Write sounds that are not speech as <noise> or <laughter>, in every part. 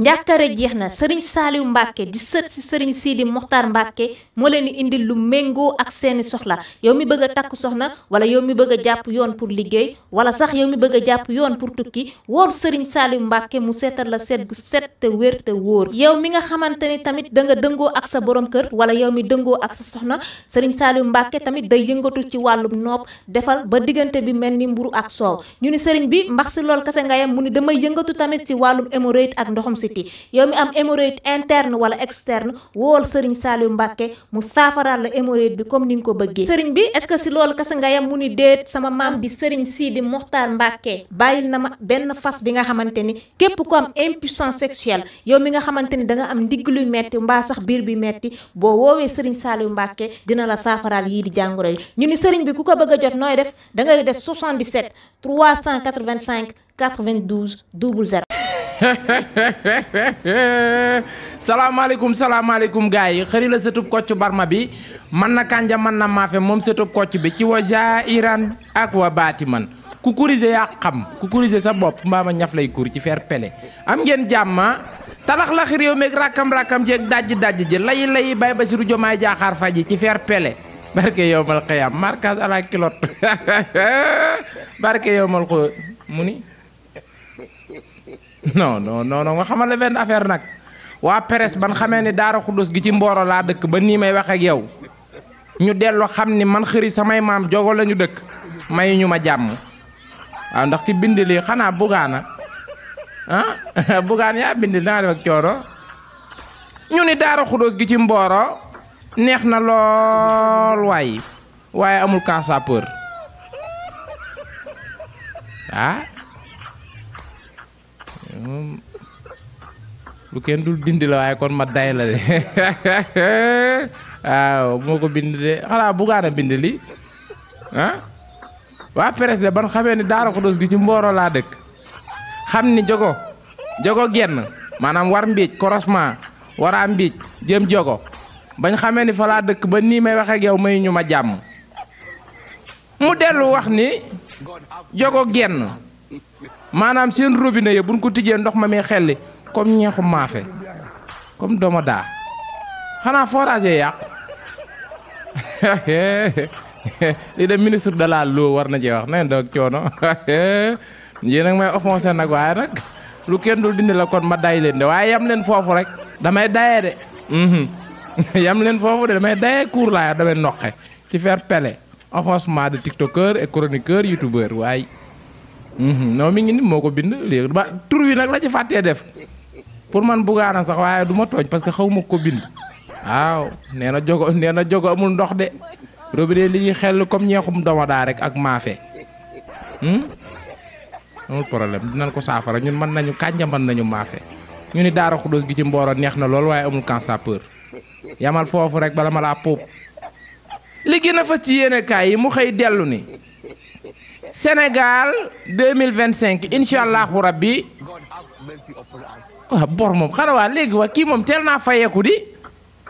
njàkkare jeex na sëriñ saaliw mbàkke di sët si sëriñ siidi moxtaar mbàkke moo leen di indil lu méngoo ak seeni soxla yow mi bëgg a takk soxna wala yow mi bëgg a jàpp yoon pour liggéey wala sax yow mi bëgg a jàpp yoon pour tukki wool sëriñ saaliw mbàkke mu seetal la seet gu wér te wóor yow mi nga xamante ni tamit da nga dëngoo ak sa borom kër wala yow mi dëngoo ak soxna sëriñ saaliw mbàkke tamit day yëngatu ci wàllum nopp defal ba diggante bi mel ni mburu ak soow ñu ni sëriñ bi mbax si lool kase nga yam mu ni damay yëngatu tamit ci wàllum hémorroïde ak ndoxum si métti yow mi am hémorroïde interne wala externe wool sëriñ Saliou Mbacke mu saafaraal la hémorroïde bi comme ni nga ko bëggee sëriñ bi est-ce que si loolu kese nga yam mu ni déet sama maam di sëriñ Sidi Mokhtar Mbacke bàyyil na ma benn fas bi nga xamante ni képp ko am impuissance sexuelle yow mi nga xamante ni da nga am ndigg luy metti mbaa sax biir bi metti boo woowee sëriñ Saliou Mbacke dina la saafaraal yii di jàngoro yi ñu ni sëriñ bi ku ko bëgg a jot nooy def d ngay def 77 385 92 00 Assalamualaikum, <laughs> assalamualaikum gars yi la setup koccu barma bi man na kanja man na mafé mom setup koccu bi ci waja iran ak wa batiman ku kurise ya xam ku kurise sa bop mbaama ñaf lay kur ci fer pele am ngeen jamma ah? talax-lax rew meeg rakam rakam jeeg dajj dajj je layi layi bay basiru jomaay jaxar faji ci fer pele barke yowmal qiyam markas ala kilot <laughs> barke yowmal khu muni. non non nga xamal la benn affaire nag waa presse ban xamee ni Daara Xudus gi ci Mboro laa dëkk ba nii may wax ak yow ñu dellu xam ni man xëri samay maam jogo lañu dëkk may ñu ma jàmm waaw ndax ki bind xanaa bugaana ah <laughs> bugaan yaa bind naa def ak coono ñu ni Daara Xudus gi ci mbooro neex na lool waay waaye amul Casa Peur ah? lu kenn dul dindi la way kon ma day la de waaw <laughs> moko ko bind de xala bu gaana bind li han wa press de ban xamee ni daara ko dos gi ci mboro la dekk xamni jogo jogo genn Manam war mbij korosma waraa mbiij jëm jogo bañ xamee ni fa laa dëkk ba ni may wax ak yow may ñuma ma mu delu wax ni jogo genn maanaam seen robinet yi buñ ko tijjee ndox ma muy xelli comme ñeexu maafe comme dooma daa xanaa forage yee yàqu <laughs> lii de ministre de la loo war na cee wax ne doog coono <laughs> yéen nag may offensé nag waaye nag lu kenn dul dindi la kon ma day leen de waaye yam leen foofu rek damay dayee de mhm. <laughs> yam leen foofu de damay dayee kuur laa damay noqe ci faire pele offensement de tiktokeur et chroniqueur youtubeur waay Mhm. non mi ngi ni moo ko bind léegi ba tur wi nag la ci fàttee def pour man bugaana sax waaye du ma tooñ parce que xaw ma ko bind waaw nee na jogo nee na jogo amul ndox de robinet li ñuy xel comme ñeexum domadaa rek ak maafe hmm? amul problème dinañ ko saafara ñun man nañu kànja man nañu maafe ñu ni daara xudóos gi ci mbooro neex na lool waaye amul kan sapeur yamal foofu rek bala ma laa li fa ci yi mu ni Sénégal 2025 incha allahu rabbi waaw ah, bor moom xanaa waa léegi waa kii moom teel naa fayeeku di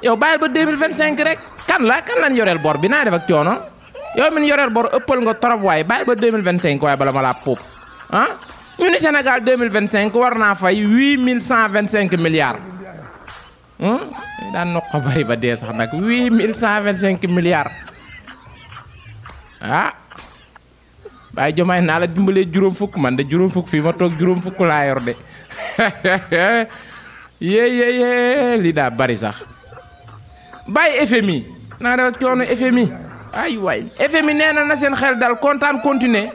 yow bàyyil ba 2025 rek kan la kan lañ yoreel bor bi naa def ak coono yow min yoreel bor ëppal nga torop waaye bàyyil ba 2025 waaye bala ma pop. puub ah ñu ni Sénégal 2025 war naa fay 8125 milliards hmm? daan noq bari ba dee sax nag 8125 milliards ah waaye jomaay naa la dimbalee juróom fukk man de juróom fukk fii ma toog juróom fukk laa yor de <laughs> yee yee yee bari sax bàyyi FMI naa def ak coono FMI ay waay FMI nee na na seen xel dal kontaan continuer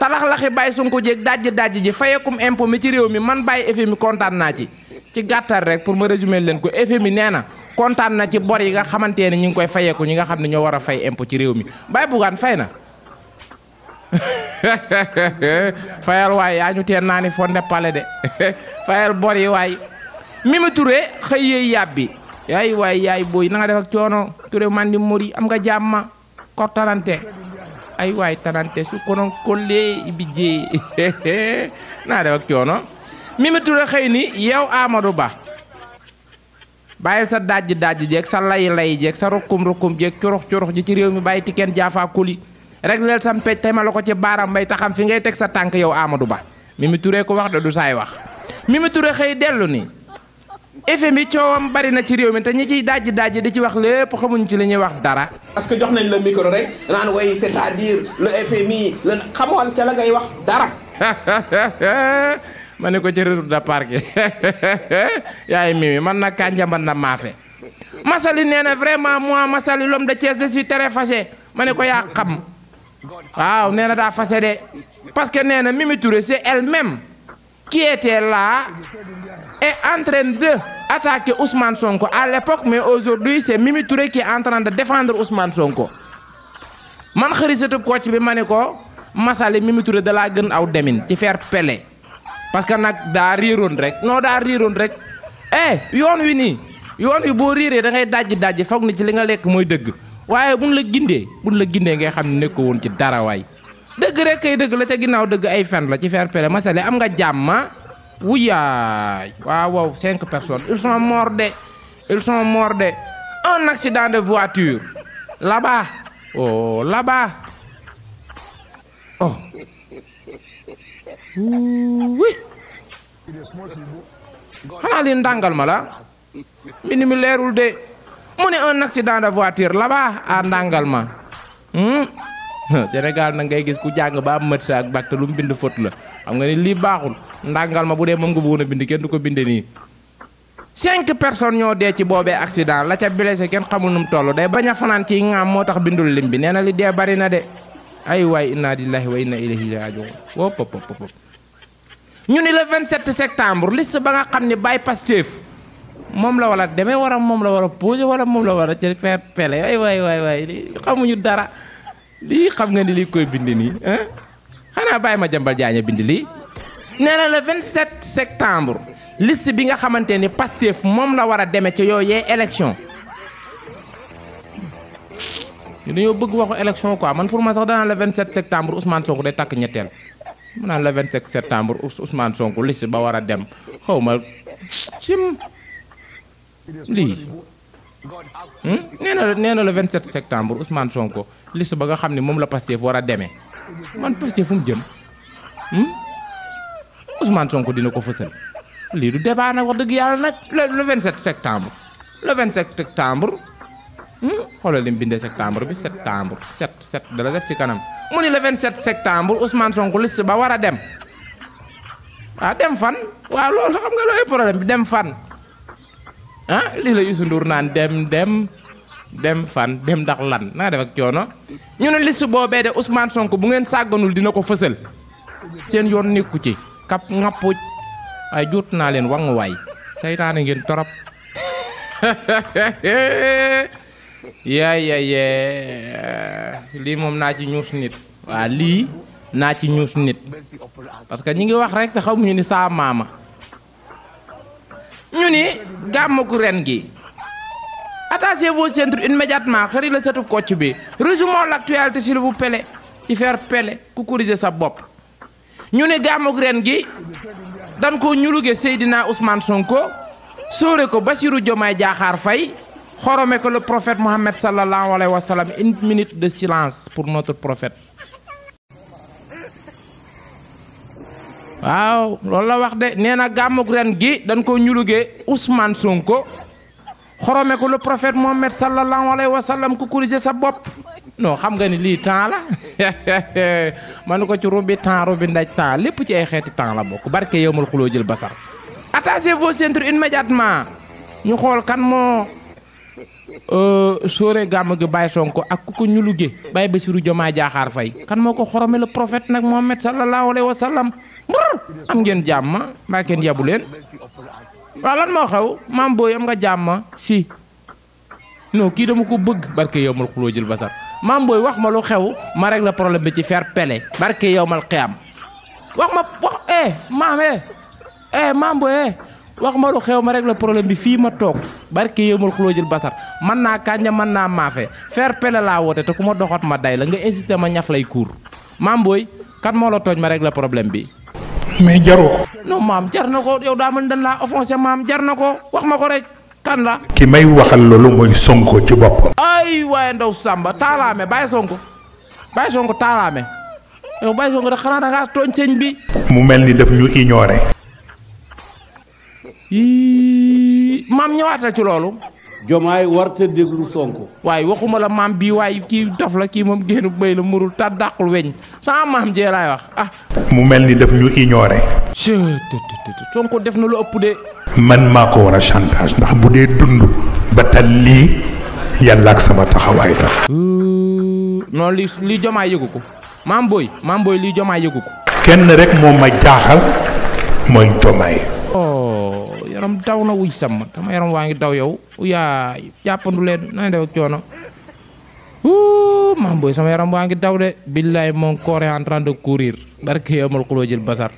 talax-laxi bàyyi Sonko jeeg dajj dajj ji fayekum impôt mi ci réew mi man bàyyi FMI kontaan naa ci ci gàttal rek pour ma résumer leen ko FMI nee na kontaan na ci bor yi nga xamante ne ñu ngi koy fayeeku ñi nga xam ne ñoo war a fay impôt ci réew mi bàyyi bugaan fay na <laughs> fayal waay yaa ñu teen naa ni pale de <laughs> fayal bor waay Mimi Touré xëy yeey yàbbi yaay waay yaay booy na nga ak coono Touré man di mori am nga jàmma ko tanante ay waay tanante su konoon kollee bi jee <laughs> naa def coono Mimi Touré xëy ni yow Amadou Ba bàyyil sa dajj dajj jeeg sa lay lay jeeg sa rukkum rukkum jeeg curux curux ji ci réew mi bàyyi ti kenn jaafaa kuli rek sampai sam pej temal ko ci baram bay taxam fi ngay tek sa tank yow amadou ba mimi touré ko wax da du say wax mimi touré xey delu ni mi ciowam bari na ci réew mi te ñi ci dajj dajj di ci wax lepp xamuñ ci li ñi wax dara parce que jox nañ le micro rek nan way c'est à dire le FMI le xamoon ci la ngay wax dara <laughs> mané ko ci retour da parké yaay mimi man na kanja man na maafe masali nee vraiment moi masali l'homme de Thiès je suis très fâché mané ko ya xam Ah, on est daa fase parce que Nena Mimi Touré c'est elle-même qui était là et en train de attaquer Ousmane Sonko à l'époque mais aujourd'hui c'est Mimi Touré qui est en train de défendre Ousmane Sonko man xërisatub kocc bi ma ne ko masale Mimi Touré de la gën aw demin ci faire pele parce que nag daa riiroon rek non da rirone rek eh yoon wi ni yoon wi boo riiree da ngay dajji dajji foog ni ci li nga lekk mooy dëgg waaye buñ la gindee buñ la gindee ngay xam ne nekkoo woon ci dara waay dëgg rek kay dëgg la ca ginnaaw dëgg ay fen la ci fer péré masale am nga jàmma wuyaay waaw waaw cinq personnes ils sont morts de ils sont morts de un accident de voiture là-bas oh là-bas oh oui xanaa li ndàngal ma la mbind mi leerul de. mune un accident de voiture là-bas à Ndangalma hmm? Sénégal <laughs> na ngay gis ku jang ba am mët ak bac lu bind faute la xam nga ni li baxul Ndangalma bu dee moom nga bëggoon bind kenn duko bindé ni nii cinq personnes ñoo dé ci bobé accident la ca blessé kenn xamul num tollu day baña fanan ci ngaam motax bindul lim bi nee li dé bari na de ay way inna lillahi wa inna ilayhi raji'un wop wop wop ñu ni le 27 septembre liste ba nga xamni bypass chef moom la war a demee wala moom la war a posé wala moom la war a ci faire pele waay waay waay waay lii xamuñu dara lii xam nga ni lii koy bind nii xanaa bàyyi ma jambal jaaña bind lii nee na vint 27 septembre liste bi nga xamante ni Pastef moom la war a demee ci yooyee élection ñu dañoo bëgg waxu élection quoi man pour ma sax danaan le 27 septembre Ousmane Sonko day takk ñetteel mu naan vint 27 septembre usmaan Sonko liste ba war a dem xaw li hmm na nee le 27 septembre Ousmane Sonko liste ba nga xamni mom la Pastef wara démé man Pastef fum jëm hmm Ousmane Sonko dina ko fessel li du débat nak wax deug yalla nak le 27 septembre le 27 septembre hmm xolal lim bindé septembre bi septembre 7 sept dala def ci kanam mu le 27 septembre Ousmane Sonko liste ba wara dem ah dem fan wa lolou xam nga loy problème bi dem fan ah li la yusu Ndour nan dem dem dem fan dem dak lan na def ak ciono ñu ne liste bobé de Ousmane Sonko bu ngeen sàgganul dina ko fësal seen yoon neeku ci kap ngapu ay juut na len wang way saytaane ngeen torop <laughs> ya ya ya li mom na ci ñuus nit wa li na ci ñuus nit parce que ñi ngi wax rek te ñu ni sa mama Nous sommes les gens qui gi attachez vos ceintures immédiatement xëri le sëtu coach résumons l'actualité s'il vous plaît ci faire pele ku sa ñu ni gi ko Sonko Sore ko Basirou Diomaye Faye le prophète Mohammed sallallahu wa sallam une minute de silence pour notre prophète waaw loolu la wax de nee na gàmmug ren gi dañ ko ñulugee Ousmane Sonko xorome ko le prophète Mohamed sallallahu alayhi wa sallam ku corrigé sa bopp noo xam nga ni lii temps la <laughs> man ko ci rumbi temps rumbi ndaj temps lépp ci ay xeeti temps la bokk barke yëmal xuloo jël basar attachez vos ceintures immédiatement ñu xool kan moo Euh, Sore gam gi bay Sonko ak ku ko ñu luggee fay kan moko xorome le prophète nak mohammed sallallahu Alaihi Wasallam. am ngeen jamma ma ken yabulen wa lan mo xaw mam boy am nga jamma si no ki dama ko bëgg barke yowmal basar mam boy wax ma lu xew ma rek la problème bi ci faire pele barke yowmal mal wax ma wax eh mam eh eh mam boy eh wax ma lu xew ma rek la problème bi fii ma toog barke yëmal xuloo jël basar man naa kànja man naa maafe faire pele laa woote te ku ma doxat ma day la nga insisté ma ñaf lay kuur maam booy kat moo la tooñ ma rek la problème bi mais jaroo non maam jar na ko yow daa mën dañ laa maam jar na ko wax ma ko rek kan la ki may waxal loolu mooy sonko ci boppam ay waaye ndaw sàmba taalaame bàyyi sonko bàyyi sonko taalaame yow bàyyi sonko da xanaa dangaa bi mu mel ni daf mam ñewata ci lolu jomay warta deglu sonko way waxuma la mam bi way ki dof la ki mom génn béy la murul ta dàqul weñ sama mam je lay wax ah mu melni def daf ñu ignoré sonko def na lu ëpp de man mako ko chantage ndax bu dee dund ba tal li yalla ak sama taxaway ta non li li jomay yeguko mam boy mam boy li jomay yeguko kenn rek mo ma jaaxal oh yaram daw na wuy sàmm sama yaram waa ngi daw yow uyaay jàppandu leen na def ak coono wuu maam booy sama yaram waa ngi daw de billaay mon corps est en train de courir barke jël basar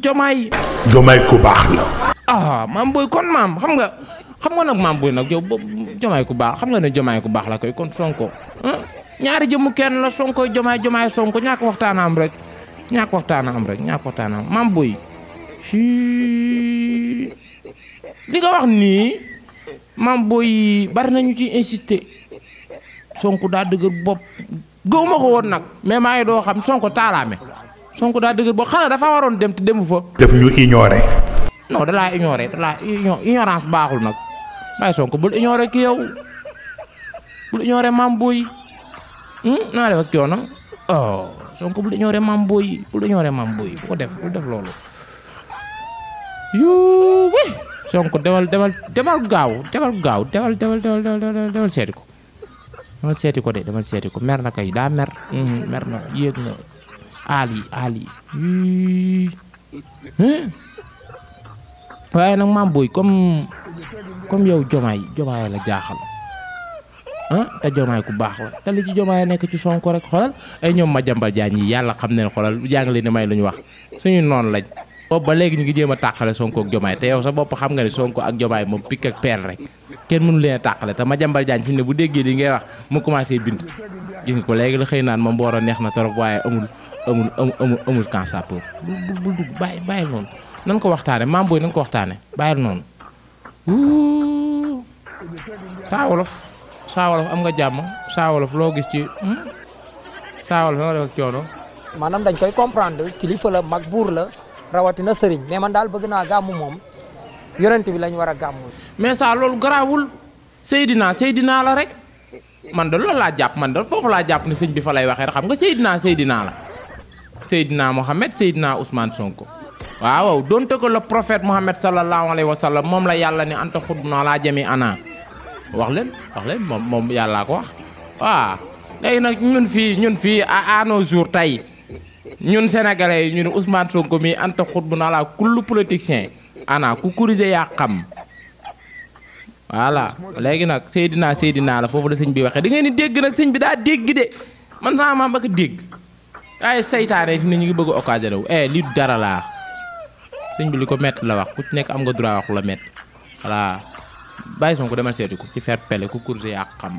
jomaay jomaay ku baax la ah maam booy kon maam xam nga xam nga nag maam booy nag yow jomaay ku baax xam nga ne jomaay ku baax la koy kon sonko ñaari jëmu kenn la sonko jomaay jomaay sonko ñàkk waxtaan am rek ñàkk waxtaan am rek ñàkk waxtaan am maam booy li nga wax nii maam booy bari nañu ci insister Sonko daa dëgër bopp gëw ma ko woon nag mais maa ngi doo xam Sonko taalaame Sonko daa dëgër bopp xanaa dafa waroon dem te demu fa. def ñu ignoré. non da laa ignoré da laa ignorance baaxul nag waaye Sonko bul ignoré ki yow bul ignoré maam booy hmm? naa def ak coono oh Sonko bul ignoré maam booy bul ignoré maam booy bu ko def bul def loolu. yuubi. Sonko demal demal demal gaaw demal gaaw demal demal demal demal seeti ko demal seeti ko de demal seeti ko mer na kay daa mer mhm. mer na yéeg na aal yi aal yi waaye nag maam booy comme comme yow jomaay jomaay la jaaxal ah te jomaay ku baax la te li ci jomaay nekk ci Sonko rek xoolal ay ñoom ma jambal jaa yi yàlla xam ne xoolal jàngale ne may lu ñu wax suñu noon lañ boobu ba léegi ñu ngi jéem a tàqale Sonko ak Jomaay te yow sa bopp xam nga ne Sonko ak Jomaay moom pikk ak peer rek kenn mënu a tàqale te Madiambal Diagne fi mu ne bu déggee li ngay wax mu commencé bind gis nga ko léegi la xëy naan ma Mboro neex na trop waaye amul amul amul amul cancer pour bul dugg bàyyi bàyyi noonu nan ko waxtaane maam booy nan ko waxtaane bàyyi noonu saa wolof saa wolof am nga jàmm saa wolof loo gis ci hmm? saa wolof nga def ak rawatina sëriñ mais man daal bëgg naa gàmm moom yonent bi lañ war a gàmmul. mais ça loolu garaawul Seydina Seydina la rek man da loolu laa jàpp man de foofu laa jàpp ne sëñ bi fa lay waxee xam nga Seydina Seydina la Seydina Mohamed Seydina Ousmane Sonko. waaw donte ko le prophète Mohamed sallallahu alayhi wa sallam moom la yàlla ne anta xut naa laa jëmi ana wax leen wax leen moom moom yàllaa ko wax waaw léegi nag ñun fii ñun fii ñun sénégalais yi ñu ne Ousmane Sonko mii anta xut bu na laa kullu politicien ana ku corriger yaa xam voilà léegi nag Seydina Seydina la foofu la sëñ bi waxee di ngeen ni dégg nag sëñ bi daa dégg de man sama maam ak dégg waaye saytaane fi ne ñu ngi bëgg a occasion wu eh dara laa sëñ bi li ko métti la wax ku ci nekk am nga droit wax la métti voilà bàyyi Sonko demal seeti ko ci fair play ku corriger yaa xam.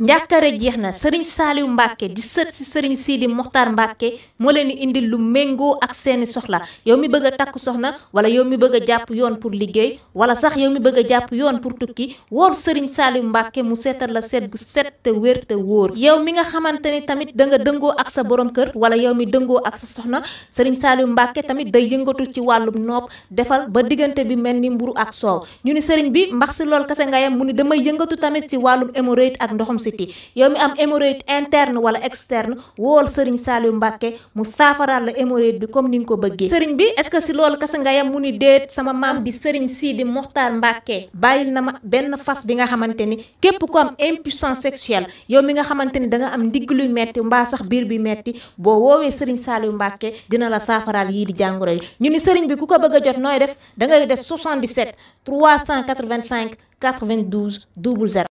njàkkare jeex na sëriñ saaliw mbàkke di sët si sëriñ siidi moxtaar mbàkke moo leen di indil lu méngoo ak seeni soxla yow mi bëgg a takk soxna wala yow mi bëgg a jàpp yoon pour liggéey wala sax yow mi bëgg a jàpp yoon pour tukki woor sëriñ saaliw mbàkke mu seetal la seet gu set te wér te wóor yow mi nga xamante ni tamit da nga dëngoo ak sa borom kër wala yow mi dëngoo ak sa soxna sëriñ saaliw mbàkke tamit day yëngatu ci wàllum nopp defal ba diggante bi mel ni mburu ak soow ñu ni sëriñ bi mbax s lool kase nga yam mu ni damay yëngatu tamit ci wàllum hémorroïde ak ndoxum si city yow mi am hémorroïde interne wala externe wool sëriñ Saliou Mbacke mu saafaraal la hémorroïde bi comme ni nga ko bëggee sëriñ bi est-ce que si loolu kese nga yem mu ni déet sama maam di sëriñ Sidi Mokhtar Mbacke bàyyil na ma benn fas bi nga xamante ni képp ko am impuissance sexuelle yow mi nga xamante ni da nga am ndigg luy metti mbaa sax biir bi metti boo woowee sëriñ Saliou Mbacke dina la saafaraal yii di jàngoro yi ñu ni sëriñ bi ku ko bëgg jot nooy def da ngay def 77 385 92 00